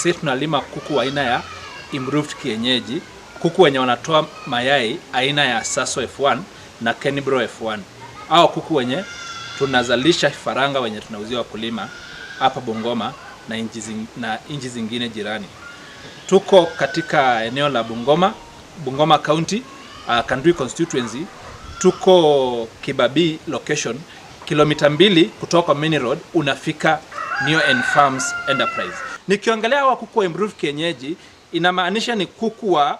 sisi tunalima kuku aina ya improved kienyeji, kuku wenye wanatoa mayai aina ya Saso F1 na Kenbro F1, au kuku wenye tunazalisha faranga wenye tunauzia wakulima hapa Bungoma na inji na inji zingine jirani. Tuko katika eneo la Bungoma, Bungoma County, uh, Kandui constituency. Tuko Kibabii location kilomita mbili kutoka Main Road unafika Neo and Farms Enterprise. Nikiongelea wa kuku wa improve kienyeji inamaanisha ni kuku wa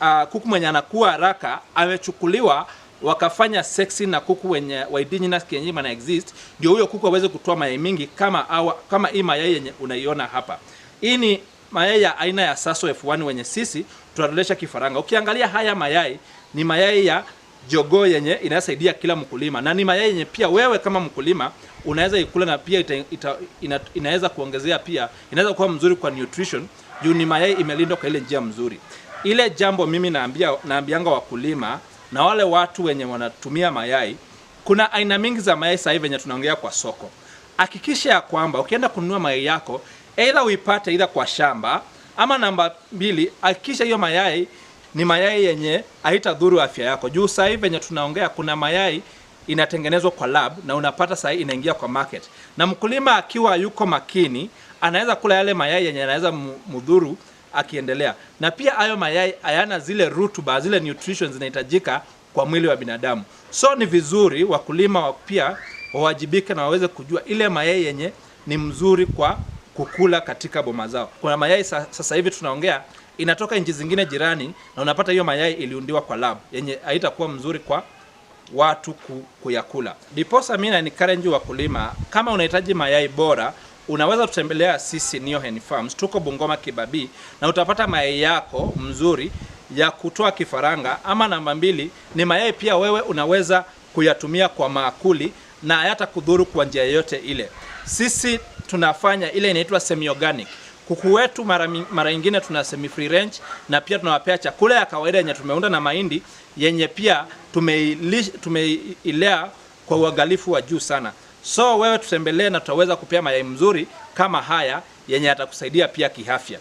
uh, kuku mwenye anakuwa haraka amechukuliwa wakafanya sexy na kuku wenye wa indigenous kienyeji mana exist ndio huyo kuku aweze kutoa mayai mingi kama awa, kama hii mayai yenye unaiona hapa. Hii ni mayai ya aina ya Saso F1 wenye sisi tunadolesha kifaranga. Ukiangalia haya mayai ni mayai ya jogoo yenye inasaidia kila mkulima na ni mayai yenye pia wewe kama mkulima unaweza ikula na pia ita, ita, ina, inaweza kuongezea pia inaweza kuwa mzuri kwa nutrition juu ni mayai imelindwa kwa ile njia mzuri. Ile jambo mimi naambia naambianga wakulima na wale watu wenye wanatumia mayai, kuna aina mingi za mayai sasa hivi yenye tunaongea kwa soko. Hakikisha ya kwamba ukienda kununua mayai yako, aidha uipate aidha kwa shamba ama namba mbili, hakikisha hiyo mayai ni mayai yenye haitadhuru afya yako. Juu sasa hivi venye tunaongea, kuna mayai inatengenezwa kwa lab na unapata sasa inaingia kwa market, na mkulima akiwa yuko makini anaweza kula yale mayai yenye anaweza mudhuru akiendelea, na pia hayo mayai hayana zile rutuba, zile nutrition zinahitajika kwa mwili wa binadamu. So ni vizuri wakulima pia wawajibike na waweze kujua ile mayai yenye ni mzuri kwa kukula katika boma zao. Kuna mayai sasa hivi tunaongea inatoka nchi zingine jirani, na unapata hiyo mayai iliundiwa kwa lab yenye haitakuwa mzuri kwa watu ku, kuyakula. Diposa ni karenji wa wakulima, kama unahitaji mayai bora unaweza tutembelea sisi Neo Hen Farms, tuko Bungoma Kibabi na utapata mayai yako mzuri ya kutoa kifaranga. Ama namba mbili ni mayai pia wewe unaweza kuyatumia kwa maakuli na kudhuru kwa njia yote ile. Sisi tunafanya ile inaitwa semi organic Kuku wetu mara, mara nyingine tuna semi free range na pia tunawapea chakula ya kawaida yenye tumeunda na mahindi yenye pia tumeilea kwa uangalifu wa juu sana. So wewe tutembelee na tutaweza kupea mayai mzuri kama haya yenye yatakusaidia pia kiafya.